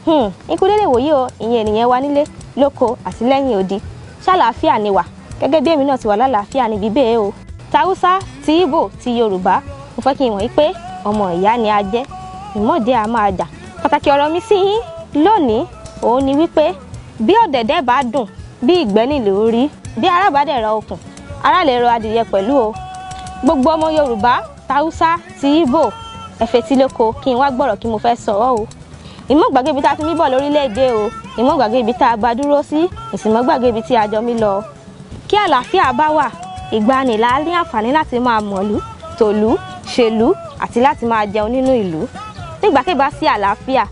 ikú hmm, dédé wòye o ìyẹn ènìyàn wa nílé lóko àti lẹ́yìn odi ṣàlàáfíà ni wà gẹ́gẹ́ bí èmi náà ti wà lálàáfíà níbi bẹ́ẹ̀ o tàwùsá ti Ìgbò ti Yorùbá mo fẹ́ kí n mọ̀ pé ọmọ ìyá ni a jẹ́ ìmọ̀dé a máa jà pàtàkì ọ̀rọ̀ mi sí yín lónìí òun ni wípé bí ọ̀dẹ̀dẹ̀ bá dùn bí ìgbẹ́ nílò rí bí arábàdẹ̀ rọ okùn ará lè rọ adìyẹ pẹ̀lú o gbogbo ọmọ Yorùbá tàwùsá ti Ìgbò ẹ̀fẹ̀ tí lóko kí n wá gbọ́rọ̀ kí mo fẹ́ sọ ọ́ o ìmọ̀gbàgbé ibi tá a ti mí bọ̀ lórílẹ̀‐èdè o ìmọ̀gbàgbé ibi tá a bá dúró sí ìsìmọ̀gbàgbé ibi tí a jọ mí lọ. kí àlàáfíà bá wà ìgbani la ní àǹfààní láti máa mọ̀lú tòlú ṣèlú àti láti máa jẹun nínú ìlú. nígbàkigbà sí àlàáfíà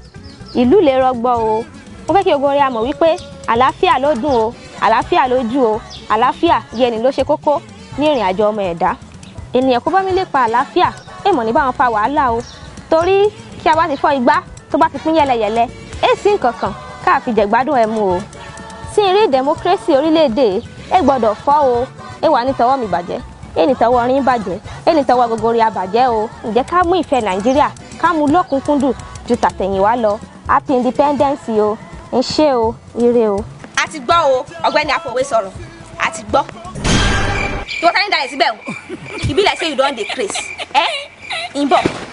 ìlú lè rọgbọ o mo fẹ́ kí ogun orin amọ̀ wípé àlàáfíà ló dùn o àlàáfíà lójú o àlàáfíà yẹni ló ṣe kókó ní ìrìn àjò ọmọ ẹ̀dá ènìyàn kó bá mi lè pa àlàáfíà èèmọ̀ ní báwọn fa wàhálà o torí kí a bá ti fọ́ igbá tó bá ti pín yẹlẹyẹlẹ èsì nkankan káàfi jẹ̀gbádùn ẹ̀ mú o tí ń rí democracy orílẹ̀-èdè ẹ gbọ́dọ̀ fọ́ o ẹ wà ní tọwọ́ mi bàjẹ́ ẹ ní rin bàjẹ́ ẹ ní gogori àbàjẹ́ o ǹjẹ́ ká mú ìfẹ́ nàìjíríà ká mú lọ́kùnkúndùn ju tàtẹ̀yìnwá lọ happy independence o ń ṣe o ire o. a ti gbọ́ o ọ̀gbẹ́ni àfọwé sọ̀rọ̀ a ti gbọ́ tí wọ́n sáré dalẹ̀ síbẹ̀ o ìbílẹ̀ say you craze ẹ̀ ń bọ̀.